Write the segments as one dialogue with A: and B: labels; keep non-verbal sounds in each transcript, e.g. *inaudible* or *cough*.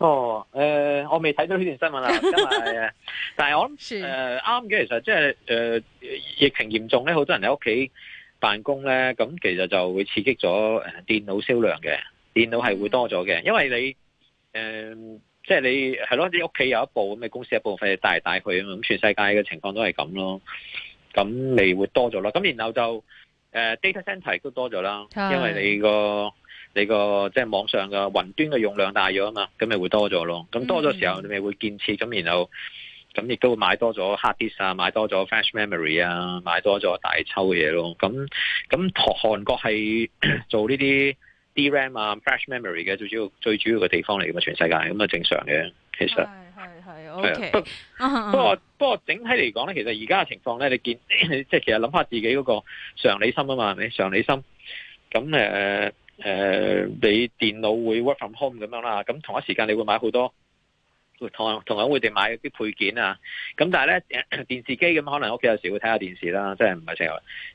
A: 哦，誒、呃，我未睇到呢段新聞啊，咁啊， *laughs* 但係我諗誒啱嘅，其實即係誒疫情嚴重咧，好多人喺屋企辦公咧，咁其實就會刺激咗誒電腦銷量嘅，電腦係會多咗嘅、嗯，因為你誒即係你係咯，你屋企有一部咁，你公司有一部，費帶嚟帶去啊嘛，咁全世界嘅情況都係咁咯，咁你會多咗啦，咁然後就誒、呃、data center 都多咗啦，因為你個。你個即係網上嘅雲端嘅用量大咗啊嘛，咁咪會多咗咯。咁多咗時候，你咪會建設咁，然後咁亦都會買多咗 hard disk 啊，買多咗 flash memory 啊，買多咗大抽嘅嘢咯。咁咁韓國係做呢啲 DRAM 啊、mm -hmm.，flash memory 嘅最主要、mm -hmm. 最主要嘅地方嚟嘅嘛，全世界咁啊正常嘅。其實係係
B: OK。
A: 不過不過不過整體嚟講咧，其實而家嘅情況咧，你見即係其實諗翻自己嗰個常理心啊嘛，係咪常理心？咁誒。Uh, 誒、呃，你電腦會 work from home 咁樣啦，咁同一時間你會買好多同樣同樣會哋買啲配件啊，咁但係咧電視機咁可能屋企有時會睇下電視啦，即係唔係成日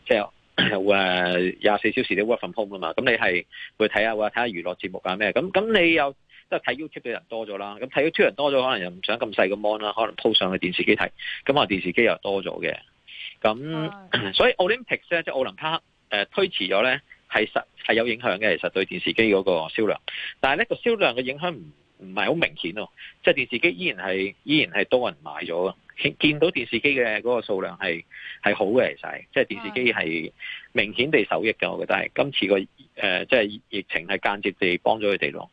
A: 即係誒廿四小時你 work from home 噶嘛，咁你係會睇下會睇下娛樂節目啊咩，咁咁你又即係睇 YouTube 嘅人多咗啦，咁睇 YouTube 人多咗，可能又唔想咁細個 mon 啦，可能鋪上去電視機睇，咁啊電視機又多咗嘅，咁、啊、所以 Olympics 咧即係奧林匹克誒、呃、推遲咗咧。係實係有影響嘅，其實對電視機嗰個銷量，但係呢個銷量嘅影響唔唔係好明顯咯。即係電視機依然係依然係多人買咗，見到電視機嘅嗰個數量係係好嘅，其實即係電視機係明顯地受益嘅。我覺得係今次個誒，即係疫情係間接地幫咗佢哋咯。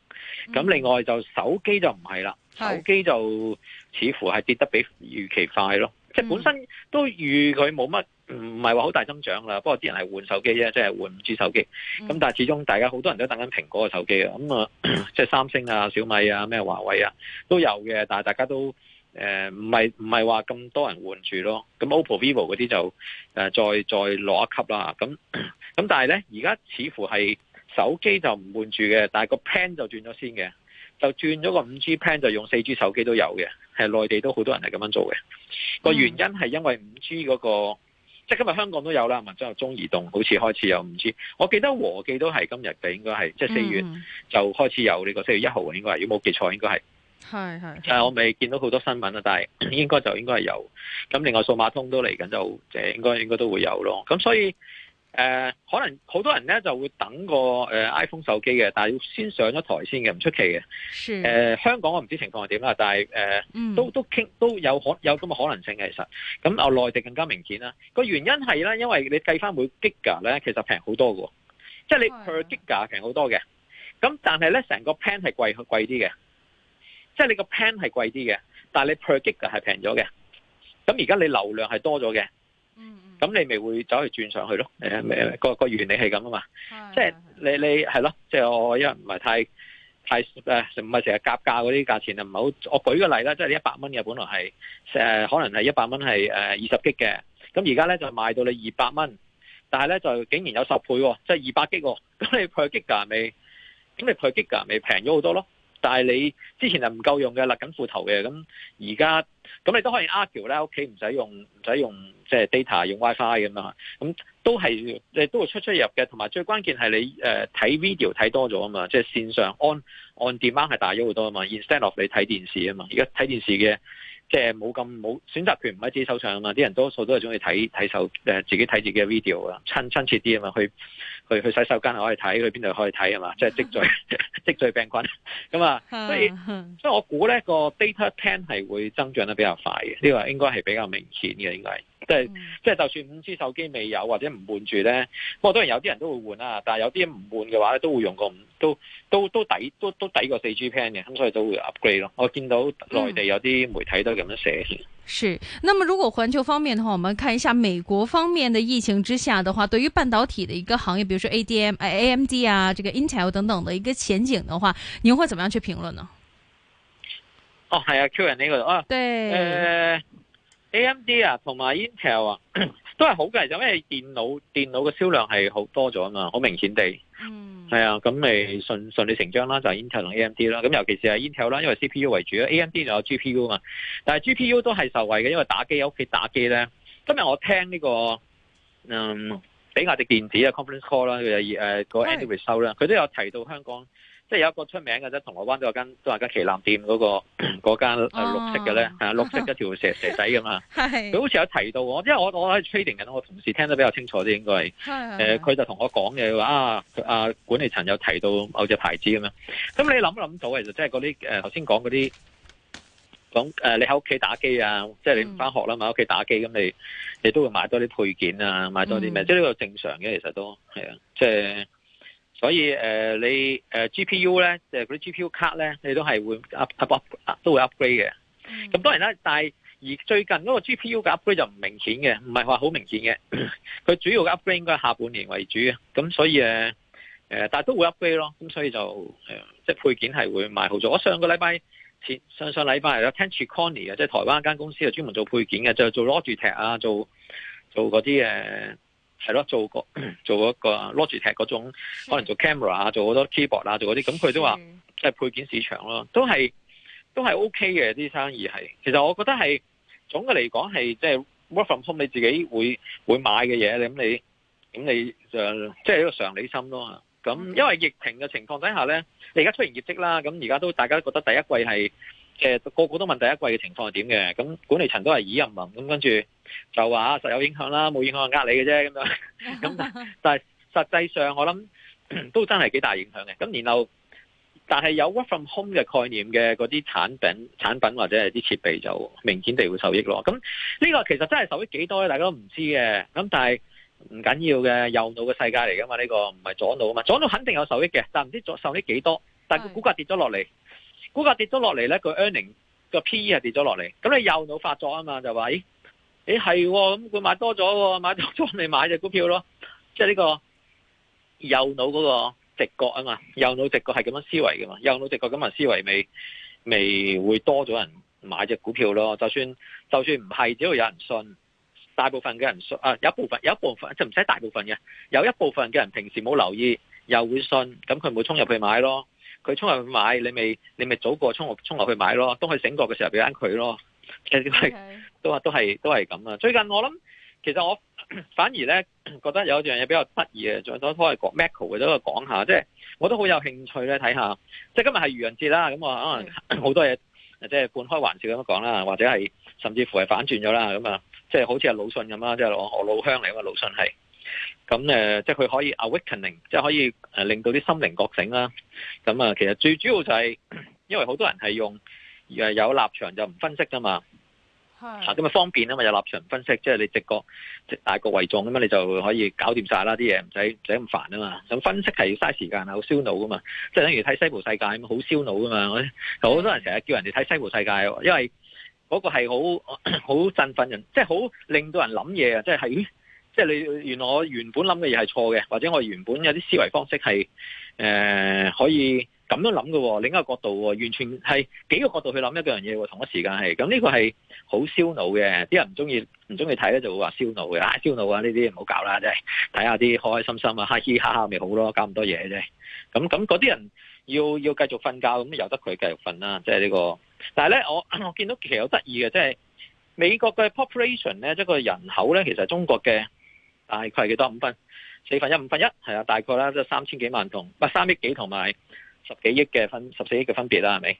A: 咁另外就手機就唔係啦，手機就似乎係跌得比預期快咯。即係本身都預佢冇乜。唔係話好大增長啦，不過啲人係換手機啫，即係換 5G 手機。咁但係始終大家好多人都等緊蘋果嘅手機啊，咁啊，即係三星啊、小米啊、咩華為啊都有嘅，但係大家都誒唔係唔係話咁多人換住咯。咁 OPPO、VIVO 嗰啲就誒再再攞一級啦。咁咁但係咧，而家似乎係手機就唔換住嘅，但係個 plan 就轉咗先嘅，就轉咗個 5G plan 就用 4G 手機都有嘅，係內地都好多人係咁樣做嘅。個原因係因為 5G 嗰個。嗯即係今日香港都有啦，或者有中移動，好似開始有五 G。我記得和記都係今日嘅，應該係，即係四月就開始有呢個。四月一號應該係，如果冇記錯應該係。
B: 係係。
A: 但係我未見到好多新聞啦，但係應該就應該係有。咁另外數碼通都嚟緊就，就應該應該都會有咯。咁所以。誒、呃，可能好多人咧就會等個誒、呃、iPhone 手機嘅，但係要先上咗台先嘅，唔出奇嘅。是。誒、呃，香港我唔知情況係點啦，但係誒、呃嗯，都都傾都有可有咁嘅可能性嘅，其實。咁、嗯、啊，內地更加明顯啦。個原因係咧，因為你計翻每 Giga 咧，其實平好多喎，即係、就是、你 Per Giga 平好多嘅。咁但係咧，成個 Plan 係貴貴啲嘅，即係你個 Plan 係貴啲嘅，但係、就是、你 Per Giga 係平咗嘅。咁而家你流量係多咗嘅。咁你咪會走去轉上去咯？嗯，個個原理係咁啊嘛，即係、就是、你你係咯，即係、就是、我因為唔係太太誒，唔係成日夾價嗰啲價錢啊，唔係好。我舉個例啦，即係一百蚊嘅本來係可能係一百蚊係誒二十 G 嘅，咁而家咧就賣到你二百蚊，但係咧就竟然有十倍喎，即係二百 G 喎，咁你 per G 噶未？咁你 per G 噶未平咗好多咯？但係你之前係唔夠用嘅，勒緊褲頭嘅，咁而家咁你都可以 argue 咧屋企唔使用唔使用即係 data 用 WiFi 咁啊，咁都係你都係出出入嘅，同埋最關鍵係你誒睇、呃、video 睇多咗啊嘛，即係線上 on on demand 係大咗好多啊嘛，instead of 你睇電視啊嘛，而家睇電視嘅即係冇咁冇選擇權唔喺自己手上啊嘛，啲人多數都係鍾意睇睇手誒、呃、自己睇自己嘅 video 啊，親親切啲啊嘛去。去去洗手間可以睇，去邊度可以睇吖嘛？即係積聚積 *laughs* *laughs* 聚病菌咁啊 *laughs* 所以， *laughs* 所以所以我估咧個 data plan 係會增長得比較快嘅，呢個應該係比較明顯嘅，應該係即係即係就算五 G 手機未有或者唔換住咧，不過當然有啲人都會換啦，但係有啲唔換嘅話咧都會用過五，都都都抵都都抵過四 G plan 嘅，咁所以都會 upgrade 咯。我見到內地有啲媒體都咁樣寫。 *laughs* *laughs*
B: 是，那麼如果環球方面的話，我們看一下美國方面的疫情之下的話，對於半導體的一個行業，比如說 A D M、啊、A M D 啊，這個 Intel 等等的一個前景的話，您會怎麼樣去評論呢？哦，係啊，Q 人
A: 呢、這個，哦，對，呃，A M D 啊，同埋 Intel 啊。 *coughs* 都係好嘅，因為電腦電腦嘅銷量係好多咗啊嘛，好明顯地，係、嗯、啊，咁咪順順理成章啦，就係、是、Intel 同 AMD 啦，咁尤其是係 Intel 啦，因為 CPU 為主啊，AMD 就有 GPU 啊嘛，但係 GPU 都係受惠嘅，因為打機喺屋企打機咧，今日我聽呢、這個嗯比亞迪電子啊 conference call 啦，佢就誒個 end result 啦，佢、呃、都有提到香港。即係有一個出名嘅啫，銅鑼灣都有間，都話間旗艦店嗰、嗰個嗰間綠色嘅咧，嚇、oh. 綠色的一條蛇蛇仔咁啊！佢 *laughs* 好似有提到我，因為我我喺 Trading 緊，我同事聽得比較清楚啲，應該係誒佢就同我講嘅話說啊，啊管理層有提到某隻牌子咁樣。咁你諗一諗到，其實即係嗰啲誒頭先講嗰啲講誒，你喺屋企打機啊，即係你唔返學啦，嘛，喺屋企打機咁，你、mm. 嗯、你都會買多啲配件啊，買多啲咩？Mm. 即係呢個正常嘅，其實都係啊，即係。所以誒，uh, 你誒、uh, G P U 咧，就嗰啲 G P U 卡咧，你都係會 up up up 都會 upgrade 嘅。咁、嗯、當然啦，但係而最近嗰個 G P U 嘅 upgrade 就唔明顯嘅，唔係話好明顯嘅。佢 *laughs* 主要嘅 upgrade 應該係下半年為主啊。咁所以誒誒，uh, 但係都會 upgrade 咯。咁所以就誒，即、uh, 係配件係會賣好咗。我上個禮拜前上上禮拜又有聽住 Connie 嘅，即係台灣一間公司係專門做配件嘅，就是、做 l 係做 Logitech 啊，做做嗰啲誒。Uh, 係咯，做個做一個 Logitech 嗰種，可能做 camera 啊，做好多 keyboard 啊，做嗰啲，咁佢都話即係配件市場咯，都係都係 OK 嘅啲生意係。其實我覺得係總嘅嚟講係即係 work from home 你自己會會買嘅嘢，咁你咁你即係、就係、一個常理心咯。咁因為疫情嘅情況底下咧，你而家出現業績啦，咁而家都大家都覺得第一季係。即係個個都問第一季嘅情況係點嘅，咁管理層都係耳唔聞，咁跟住就話實有影響啦，冇影響係呃你嘅啫咁樣。咁 *laughs* 但係實際上我諗都真係幾大影響嘅。咁然後但係有 work from home 嘅概念嘅嗰啲產品、產品或者係啲設備就明顯地會受益咯。咁呢個其實真係受益幾多咧？大家都唔知嘅。咁但係唔緊要嘅，右腦嘅世界嚟噶嘛？呢個唔係左腦啊嘛？左腦肯定有受益嘅，但唔知咗受益幾多。但係個股價跌咗落嚟。股、那、價、個、跌咗落嚟咧，佢 earning 個 P/E 係跌咗落嚟，咁你右腦發作啊嘛，就話咦，誒誒係，咁佢買多咗，買多咗咪買隻股票咯，即係呢個右腦嗰個直覺啊嘛，右腦直覺係咁樣思維噶嘛，右腦直覺咁樣思維未未會多咗人買隻股票咯，就算就算唔係，只要有人信，大部分嘅人信啊，有一部分有一部分就唔使大部分嘅，有一部分嘅人平時冇留意又會信，咁佢冇衝入去買咯。佢沖入去買，你咪你咪早過沖落沖落去買咯。當佢醒覺嘅時候，俾翻佢咯。都係都係都係咁啊！最近我諗，其實我反而咧覺得有一樣嘢比較得意嘅，仲左拖嚟 Mac 嘅都講下，即係我都好有興趣咧睇下。即係今日係愚人節啦，咁我可能好多嘢，即係半開玩笑咁講啦，或者係甚至乎係反轉咗啦，咁啊，即係好似係魯迅咁啦，即係我我老鄉嚟，我魯迅係。咁、嗯、誒，即係佢可以 awakening，即係可以誒，令到啲心靈覺醒啦。咁、嗯、啊，其實最主要就係、是，因為好多人係用誒有立場就唔分析噶嘛。係咁啊，方便啊嘛，有立場唔分析，即係你直覺即大局為重咁樣，你就可以搞掂晒啦啲嘢，唔使唔使咁煩啊嘛。咁、嗯、分析係要嘥時間啊，好燒腦噶嘛。即係等於睇西部世界咁，好燒腦噶嘛。好多人成日叫人哋睇西部世界，因為嗰個係好好振奮人，即係好令到人諗嘢啊，即係即係你原來我原本諗嘅嘢係錯嘅，或者我原本有啲思維方式係誒、呃、可以咁樣諗嘅、哦、另一個角度、哦，完全係幾個角度去諗一樣嘢、哦，同一時間係咁呢個係好燒腦嘅。啲人唔中意唔中意睇咧，就會話燒腦嘅啊，燒腦啊！呢啲唔好搞啦，即係睇下啲開開心心啊，嘻嘻哈哈咪好咯，搞咁多嘢啫。咁咁嗰啲人要要繼續瞓覺，咁由得佢繼續瞓啦。即係呢個，但係咧，我我見到其實好得意嘅，即係美國嘅 population 咧，即係個人口咧，其實中國嘅。大概幾多五分四分一五分一係啊，大概啦，即係三千幾萬同三、啊、億幾同埋十幾億嘅分十四億嘅分別啦，係咪？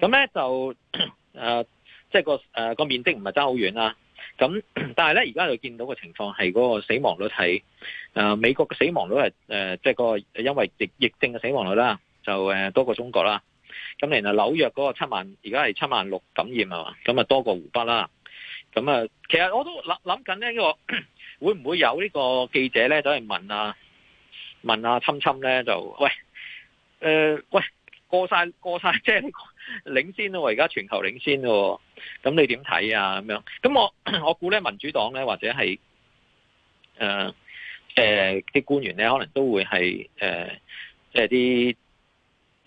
A: 咁咧就誒即係個誒個、呃、面積唔係爭好遠啦。咁但係咧而家就見到個情況係嗰個死亡率係誒、呃、美國嘅死亡率係誒即係個因為疫疫症嘅死亡率啦，就誒、呃、多過中國啦。咁然後紐約嗰個七萬而家係七萬六感染係嘛，咁啊多過湖北啦。咁啊，其實我都諗諗緊咧，呢個會唔會有呢個記者咧，走係問啊問啊，侵侵咧就喂，誒喂，過曬過曬，即係領先咯，而家全球領先咯，咁你點睇啊？咁樣，咁我我估咧，民主黨咧，或者係誒誒啲官員咧，可能都會係誒即係啲。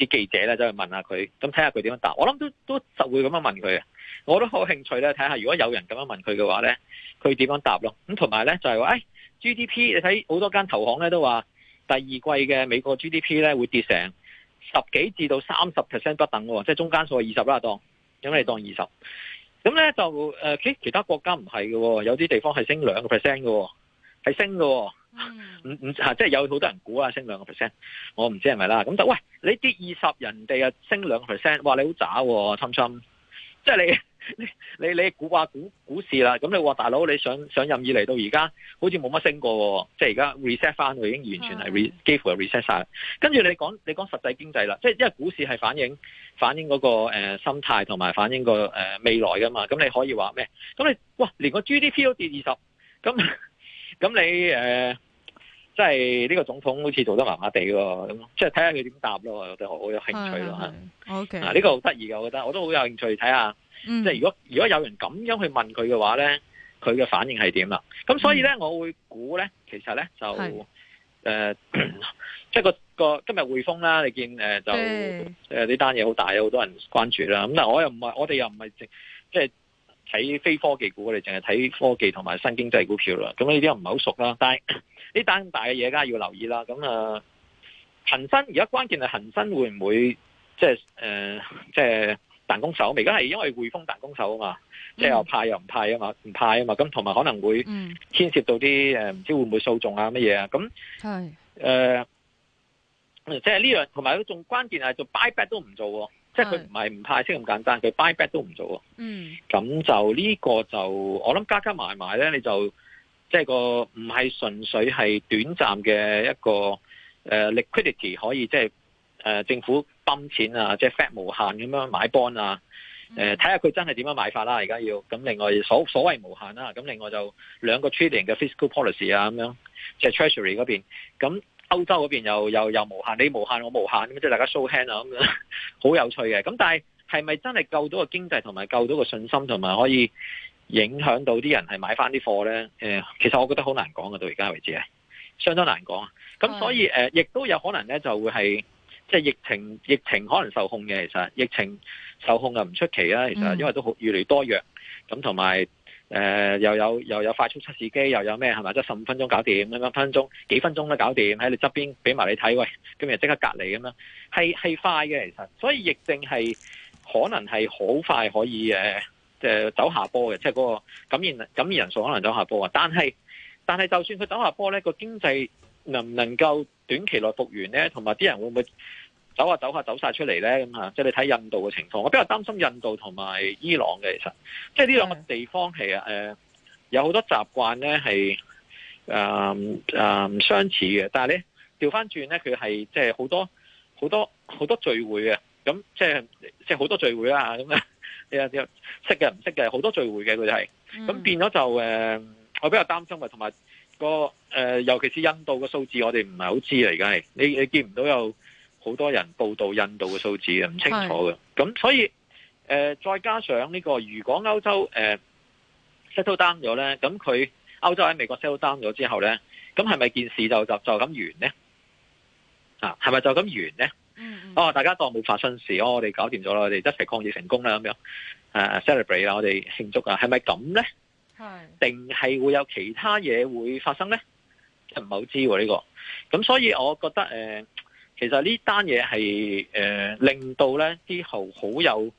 A: 啲記者咧走去問下佢，咁睇下佢點樣答。我諗都都實會咁樣問佢嘅。我都好興趣咧睇下，看看如果有人咁樣問佢嘅話咧，佢點樣答咯？咁同埋咧就係話，誒，GDP 你睇好多間投行咧都話第二季嘅美國 GDP 咧會跌成十幾至到三十 percent 不等喎，即係，中間數係二十啦，當咁你當二十。咁咧就誒，其他國家唔係嘅，有啲地方係升兩個 percent 嘅，係升嘅。唔唔吓，即係有好多人估啊，升兩個 percent，我唔知係咪啦。咁但係喂，你跌二十，人哋啊升兩個 percent，哇，你、啊、Trump Trump, 你，你，你，你，你，你好渣，貪心。即係你你你你估話估股市啦，咁你話大佬，你上上任以嚟到而家，好似冇乜升過，即係而家 reset 翻，佢已經完全係 re 幾乎係 reset 晒。跟住你講你講實際經濟啦，即係因為股市係反映反映嗰、那個誒、呃、心態同埋反映、那個誒、呃、未來噶嘛。咁你可以話咩？咁你哇，連個 GDP 都跌二十，咁。咁你誒、呃，即係呢個總統好似做得麻麻地喎，咁即係睇下佢點答咯，我哋好有興趣咯嚇。O K. 呢個好得意嘅，我覺得我都好有興趣睇下，看看嗯、即係如果如果有人咁樣去問佢嘅話咧，佢嘅反應係點啦？咁所以咧，嗯、我會估咧，其實咧就誒、呃，即係個個今日匯豐啦，你見、呃、就呢單嘢好大，有好多人關注啦。咁但係我又唔係，我哋又唔係即係。睇非科技股，我哋淨係睇科技同埋新經濟股票啦。咁呢啲又唔係好熟啦。但係呢單大嘅嘢，梗係要留意啦。咁啊，恒生而家關鍵係恒生會唔會即係誒，即係彈弓手？而家係因為匯豐彈弓手啊嘛，即係又派又唔派啊嘛，唔派啊嘛。咁同埋可能會牽涉到啲誒，唔知會唔會訴訟啊乜嘢啊？咁係誒，即係呢樣同埋仲關鍵係做 buy back 都唔做喎。即係佢唔係唔派息咁簡單，佢 buy back 都唔做啊。嗯，咁就呢個就我諗加加埋埋咧，你就即係個唔係純粹係短暫嘅一個 liquidity 可以即係政府泵錢啊，即係 fat 無限咁樣買 bond 啊，睇下佢真係點樣買法啦、啊。而家要咁另外所所謂無限啦、啊，咁另外就兩個 trading 嘅 fiscal policy 啊，咁樣即係、就是、treasury 嗰邊咁。歐洲嗰邊又又又無限，你無限我無限咁，即係大家 show hand 啊，咁樣好有趣嘅。咁但係係咪真係救到個經濟同埋救到個信心同埋可以影響到啲人係買翻啲貨咧？誒，其實我覺得好難講嘅，到而家為止相當難講。咁所以誒，亦都有可能咧，就會係即係疫情疫情可能受控嘅。其實疫情受控又唔出奇啦。其實因為都好越嚟越多藥咁同埋。誒、呃，又有又有快速測試機，又有咩係咪？即十五分鐘搞掂，咁五分鐘、幾分鐘都搞掂，喺你側邊俾埋你睇，喂，今日即刻隔離咁樣，係係快嘅，其實，所以疫症係可能係好快可以誒，即、呃、係走下坡嘅，即係嗰個感染感染人數可能走下坡啊，但係但係就算佢走下坡呢，個經濟能唔能夠短期內復原呢？同埋啲人會唔會?走下走下，走晒出嚟咧咁啊！即係你睇印度嘅情況，我比較擔心印度同埋伊朗嘅。其實即係呢兩個地方係誒、呃、有好多習慣咧，係誒誒相似嘅。但係咧調翻轉咧，佢係即係好多好多好多聚會嘅咁，即係即係好多聚會啦。咁啊，啲啊啲識嘅唔識嘅好多聚會嘅佢哋係咁變咗就誒、呃，我比較擔心嘅同埋個誒、呃，尤其是印度嘅數字我不，我哋唔係好知嚟嘅。你你見唔到有。好多人報道印度嘅數字嘅唔清楚嘅，咁所以誒、呃，再加上呢個，如果歐洲誒 settle down 咗咧，咁佢歐洲喺美國 settle down 咗之後咧，咁係咪件事就就就咁完咧？啊，係咪就咁完咧？嗯，嗯哦，大家當冇發生事哦，我哋搞掂咗啦，我哋一齊抗疫成功啦，咁樣誒、呃、celebrate 啦，我哋慶祝啊，係咪咁咧？定係會有其他嘢會發生咧？唔係好知喎呢個？咁所以我覺得誒。呃其實呢單嘢係誒令到咧之後好有誒、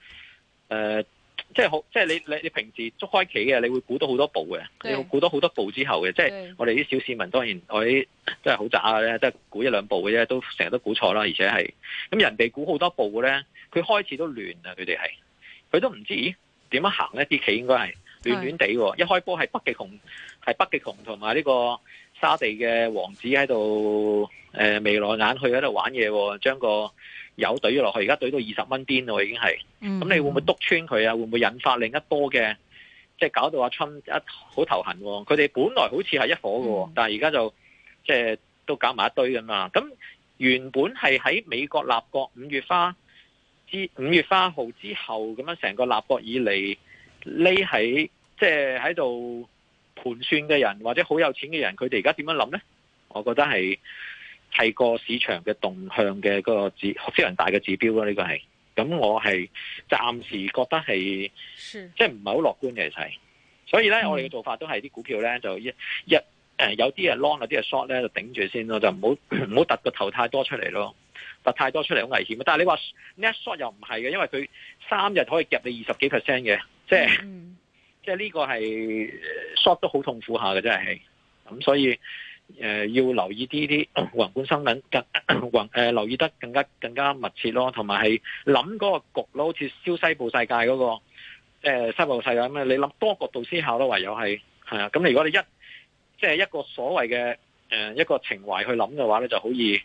A: 呃，即係好即係你你你平時捉開棋嘅，你會估到好多步嘅，你估到好多步之後嘅，即係我哋啲小市民當然我啲真係好渣嘅咧，都係估一兩步嘅啫，都成日都估錯啦，而且係咁人哋估好多步嘅咧，佢開始都亂啊，佢哋係佢都唔知咦點樣行咧？啲棋應該係亂亂地，一開波係北極熊，係北極熊同埋呢個。沙地嘅王子喺度，誒、哦，眉來眼去喺度玩嘢，將個油懟咗落去，而家懟到二十蚊癲咯，已經係。
B: 咁你會唔會
A: 督穿佢啊？會唔會引發另一波嘅，即、就、係、是、搞到阿侵一好頭痕？佢哋、哦、本來好似係一伙㗎，但係而家就即係、就是、都搞埋一堆㗎嘛。咁原本係喺美國立國五月花之五月花號之後咁樣，成個立國以嚟匿喺，即係喺度。盤算嘅人或者好有錢嘅人，佢哋而家點樣諗呢？我覺得係係個市場嘅動向嘅嗰個指非常大嘅指標咯，呢個係。咁我係暫時覺得係，即係唔係好樂觀嘅其實。所以呢，我哋嘅做法都係啲股票呢，就一一誒，有啲係 long，有啲係 short 呢，就頂住先咯，就唔好唔好突個頭太多出嚟咯，突太多出嚟好危險。但係你話呢一 short 又唔係嘅，因為佢三日可以夾你二十幾 percent 嘅，即係。嗯即係呢個係 short 都好痛苦下嘅真係，咁所以誒、呃、要留意啲啲宏觀新聞更宏誒、呃呃、留意得更加更加密切咯，同埋係諗嗰個局咯，好似《消西部世界、那個》嗰個即係《西部世界》咁樣你諗多角度思考咯，唯有係係啊，咁你如果你一即係、就是、一個所謂嘅誒一個情懷去諗嘅話咧，就好易。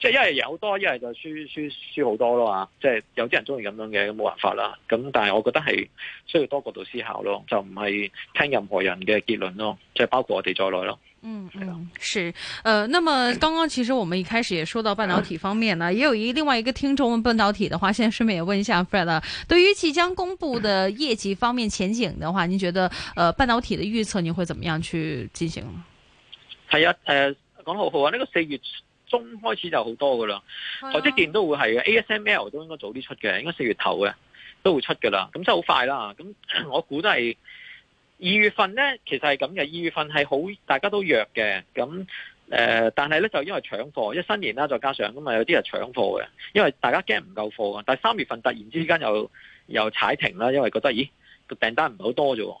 A: 即係一係有多，一係就輸輸輸好多啦啊，即係有啲人中意咁樣嘅，咁冇辦法啦。咁但係我覺得係需要多角度思考咯，就唔係聽任何人嘅結論咯。即係包括我哋在內咯。嗯嗯，
B: 是，誒、呃，那麼剛剛其實我們一開始也說到半導體方面啦， *laughs* 也有一另外一個聽眾問半導體嘅話，現在順便也問一下 Fred，、啊、對於即將公布嘅業績方面前景嘅話， *laughs* 你覺得誒、呃、半導體嘅預測你會怎麼樣去進行？係啊，啊
A: 講得好，好啊，呢個四月。中開始就好多㗎喇，台積電都會係嘅，ASML 都應該早啲出嘅，應該四月頭嘅都會出㗎喇，咁真係好快啦。咁我估都係二月份咧，其實係咁嘅，二月份係好，大家都弱嘅，咁誒、呃，但係咧就因為搶貨，一新年啦，再加上咁啊，有啲人搶貨嘅，因為大家驚唔夠貨啊。但係三月份突然之間又又踩停啦，因為覺得咦個訂單唔係好多啫，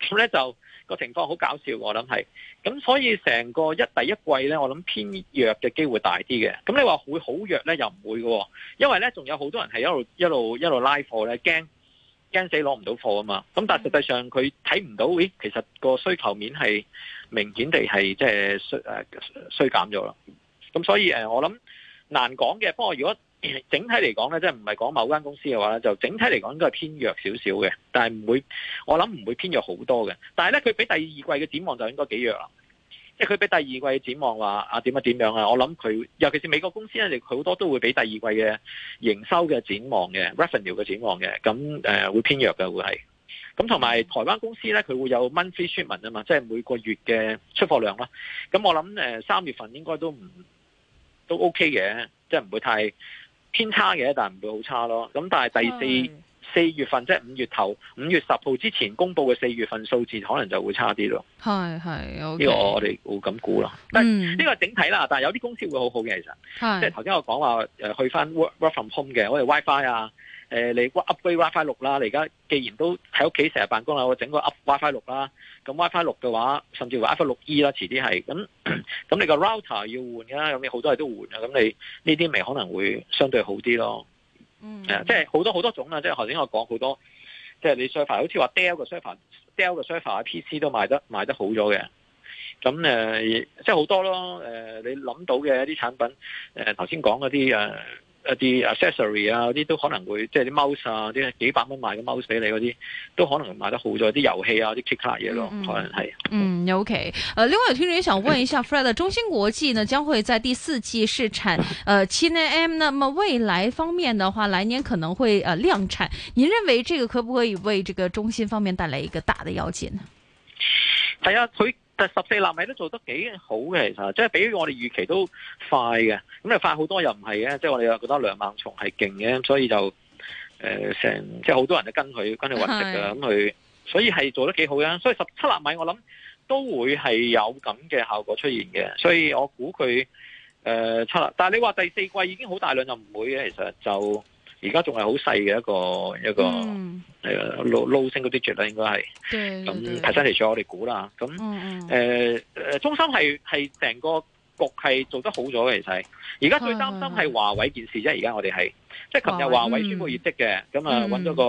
A: 咁咧就。個情況好搞笑，我諗係，咁所以成個一第一季呢，我諗偏弱嘅機會大啲嘅。咁你話會好弱呢，又唔會㗎喎，因為呢，仲有好多人係一路一路一路拉貨呢，驚驚死攞唔到貨啊嘛。咁但係實際上佢睇唔到，咦，其實個需求面係明顯地係即係衰誒衰減咗咯。咁、呃、所以誒，我諗難講嘅。不過如果整體嚟講咧，即係唔係講某間公司嘅話咧，就整體嚟講應該係偏弱少少嘅，但係唔會，我諗唔會偏弱好多嘅。但係咧，佢俾第二季嘅展望就應該幾弱啦，即係佢俾第二季嘅展望話啊點啊點樣啊，我諗佢尤其是美國公司咧，佢好多都會俾第二季嘅營收嘅展望嘅 revenue 嘅展望嘅，咁誒、呃、會偏弱嘅會係，咁同埋台灣公司咧，佢會有 monthly shipment 啊嘛，即係每個月嘅出貨量啦，咁我諗誒三月份應該都唔都 OK 嘅，即係唔會太。偏差嘅，但唔會好差咯。咁但係第四四月份，即係五月頭五月十號之前公布嘅四月份數字，可能就會差啲咯。
B: 係係，呢、okay 這個我
A: 哋會咁估啦。呢
B: 個
A: 整體啦，但係、嗯這個、有啲公司會好好嘅其實。係。即係頭先我講話誒，去翻 work work from home 嘅，我哋 WiFi 啊。誒，你 upgrade WiFi 六啦！你而家既然都喺屋企成日辦公啦，我整個 up WiFi 六啦。咁 WiFi 六嘅話，甚至話 WiFi 六 E 啦，遲啲係咁。咁你個 router 要換㗎啦，咁你好多嘢都換啦。咁你呢啲咪可能會相對好啲咯？嗯，嗯、啊，即係好多好多種啦、啊。即係頭先我講好多，即係你 server，好似話 Dell 嘅 server，Dell 嘅 server，PC 都賣得賣得好咗嘅。咁、呃、即係好多咯。呃、你諗到嘅一啲產品，誒頭先講嗰啲一、啊、啲 accessory 啊，啲都可能會，即係啲 mouse 啊，啲幾百蚊賣嘅 mouse 俾你嗰啲，都可能賣得好咗。啲遊戲啊，啲 keyboard 嘢咯，嗯嗯，可能係。
B: 嗯，OK，呃，另外有聽者想問一下 Fred， *laughs* 中芯國際呢將會在第四季試產，呃，7nm，那麼未來方面嘅話，來年可能會呃量產，您認為這個可不可以為這個中芯方面帶來一個大的躍進呢？
A: 係、哎、啊，佢。但十四納米都做得幾好嘅，其實即係比我哋預期都快嘅，咁你快好多又唔係嘅，即係我哋又覺得梁孟松係勁嘅，所以就誒成、呃、即係好多人都跟佢跟佢揾食嘅，咁佢所以係做得幾好啊，所以十七納米我諗都會係有咁嘅效果出現嘅，所以我估佢誒七納，但係你話第四季已經好大量就唔會嘅，其實就。而家仲係好細嘅一個一個誒，low single digit trend 應該係，
B: 咁、嗯、提身嚟咗
A: 我哋估啦。咁誒誒，中心係係成個局係做得好咗嘅，其實。而家最擔心係華為件事，啫。而家我哋係即係琴日華為宣布業績嘅，咁啊搵咗個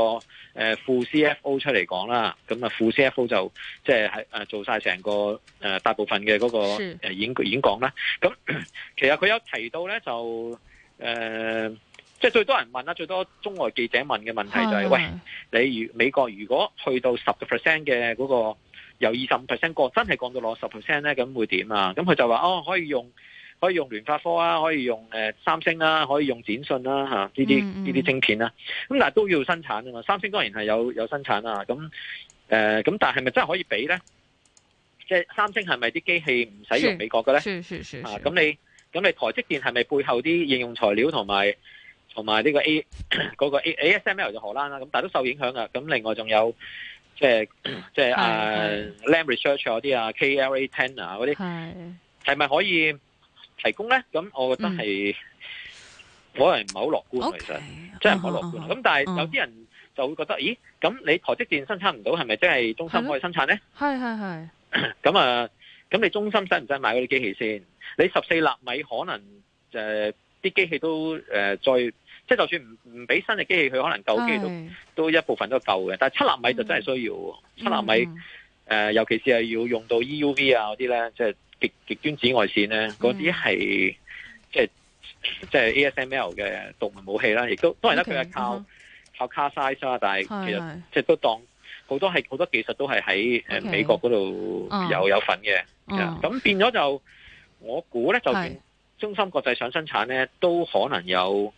A: 誒副 CFO 出嚟講啦，咁啊副 CFO 就即係喺誒做晒成個誒大部分嘅嗰個演演講啦。咁其實佢有提到咧，就誒。呃即係最多人問啦、啊，最多中外記者問嘅問題就係、是、喂，你如美國如果去到十個 percent 嘅嗰個由二十五 percent 降，真係降到落十 percent 咧，咁會點啊？咁佢就話哦，可以用可以用聯發科啊，可以用誒三星啦、啊，可以用展訊啦吓，呢啲呢啲晶片啦、啊。咁但係都要生產噶嘛，三星當然係有有生產啦、啊。咁誒咁但係咪真係可以俾咧？即係三星係咪啲機器唔使用，用美國嘅咧？
B: 是、啊，咁
A: 你咁你台積電係咪背後啲應用材料同埋？同埋呢個 A 嗰個 ASML 就荷蘭啦，咁但係都受影響啊。咁另外仲有即係即係啊，Lam Research 嗰啲啊，KLA Ten 啊嗰啲，係咪可以提供咧？咁我覺得係可能唔係好樂觀其實，即係唔好樂觀。咁但係有啲人就會覺得，咦？咁你台積電生產唔到，係咪即係中心可以生產咧？
B: 係係係。
A: 咁啊，咁你中心使唔使買嗰啲機器先？你十四納米可能就啲機器都誒再。即、就、係、是、就算唔唔俾新嘅機器，佢可能舊機器都都一部分都夠嘅。但係七納米就真係需要，嗯、七納米誒、嗯呃，尤其是係要用到 EUV 啊嗰啲咧，即係極極端紫外線咧，嗰啲係即係即係 ASML 嘅獨門武器啦。亦都，、okay, uh -huh. 啊就是、都當然啦，佢係靠靠卡 size 啦，但係其實即係都當好多係好多技術都係喺誒美國嗰度有 okay, 有，、uh -huh. 有份嘅。咁變咗就我估咧，就算中芯國際想生產咧，都可能有，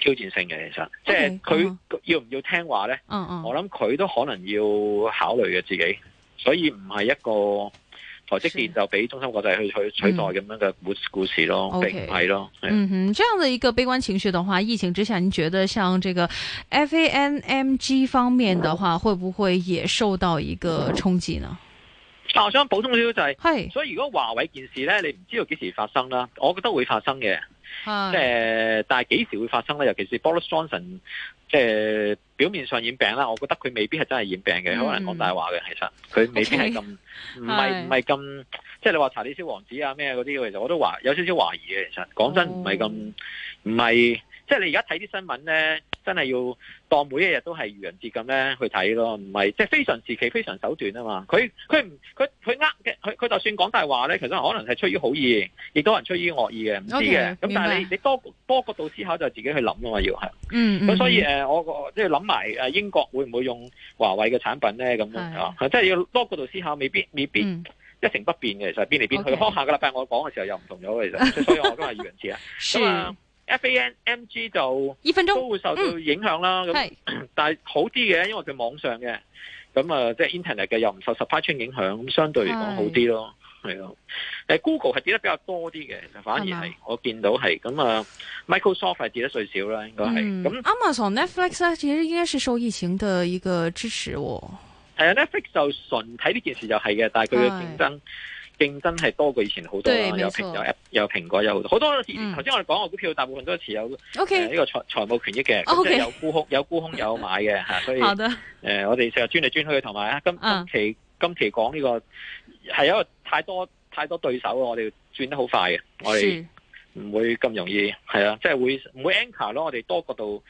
A: 挑戰性嘅，其實即係佢要唔要聽話咧？Okay, uh -huh. 我諗佢都可能要考慮嘅、uh -huh. 自己，所以唔係一個台積電就俾中芯國際去去取代咁樣嘅故事故事咯，okay. 並唔係咯。嗯哼，
B: 這樣的一個悲觀情緒的話，疫情之下，你覺得像這個 FAMG 方面的話，會不會也受到一個衝擊呢？
A: 但、啊、我想補充少少就係、是，係、hey. 所以如果華為件事咧，你唔知道幾時發生啦，我覺得會發生嘅。即係、就是，但係幾時會發生咧？尤其是 Boris Johnson，即、就、係、是、表面上染病啦。我覺得佢未必係真係染病嘅、嗯，可能講大話嘅。其實佢未必係咁，
B: 唔係唔
A: 係咁。即係你話查理斯王子啊咩嗰啲，其實我都懷有少少懷疑嘅。其實講真唔係咁，唔係即係你而家睇啲新聞咧。真係要當每一日都係愚人節咁咧去睇咯，唔係即係非常時期非常手段啊嘛。佢佢唔佢佢呃嘅，佢佢就算講大話咧，其實可能係出於好意，亦都有人出於惡意嘅，唔知嘅。咁、okay, 但係你你多多角度思考就自己去諗啊嘛，要係。嗯咁所以誒、嗯，我即係諗埋誒，英國會唔會用華為嘅產品咧？咁樣即係要多角度思考，未必未必、嗯、一成不變嘅，其實變嚟變去，可能、okay、下個禮拜我講嘅時候又唔同咗其實。所以我今日愚人節啊。 *laughs* FANMG 就二分鐘都會受到影響啦。咁、嗯嗯、但係好啲嘅，因為佢網上嘅，咁啊、嗯、即係 internet 嘅又唔受 supply chain 影響，咁相對嚟講好啲咯。係啊，誒、嗯、Google 係跌得比較多啲嘅，就反而係我見到係咁、嗯嗯、啊。Microsoft 係跌得最少啦，應該係。咁
B: Amazon、Netflix 其實應該係受疫情嘅一個支持喎。係、嗯、啊，Netflix
A: 就純睇呢件事就係嘅，但係佢嘅競爭。競爭係多過以前好多啦，有蘋果有 Apple 有好多、好多頭先、嗯、我哋講個股票大部分都持有呢、okay. 呃、個財財務權益嘅，即、okay. 係、嗯就是，有沽空有沽空有買嘅嚇， *laughs* 所以誒、 *laughs* 呃、我哋成日轉嚟轉去，同埋啊今今期今期講呢、呢個係因為太多太多對手啊，我哋轉得好快嘅，我哋唔會咁容易係啊，即係會唔會 anchor 咯？我哋多角度。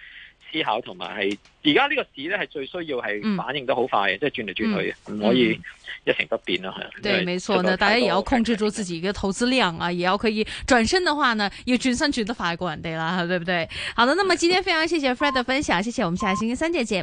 A: 思考同埋係，而家呢個市咧，係最需要係反應得好快嘅，即係轉嚟轉去，嘅、嗯，唔可以一成不變啦，係、嗯，啊，對，沒
B: 錯啦。大家也要控制住自己一個投資量啊，啊，也要可以轉身的話呢，要轉身轉得快過人哋啦，對不對？好的，那麼今天非常謝謝 Fred 的分享，謝謝我們下星期三再見。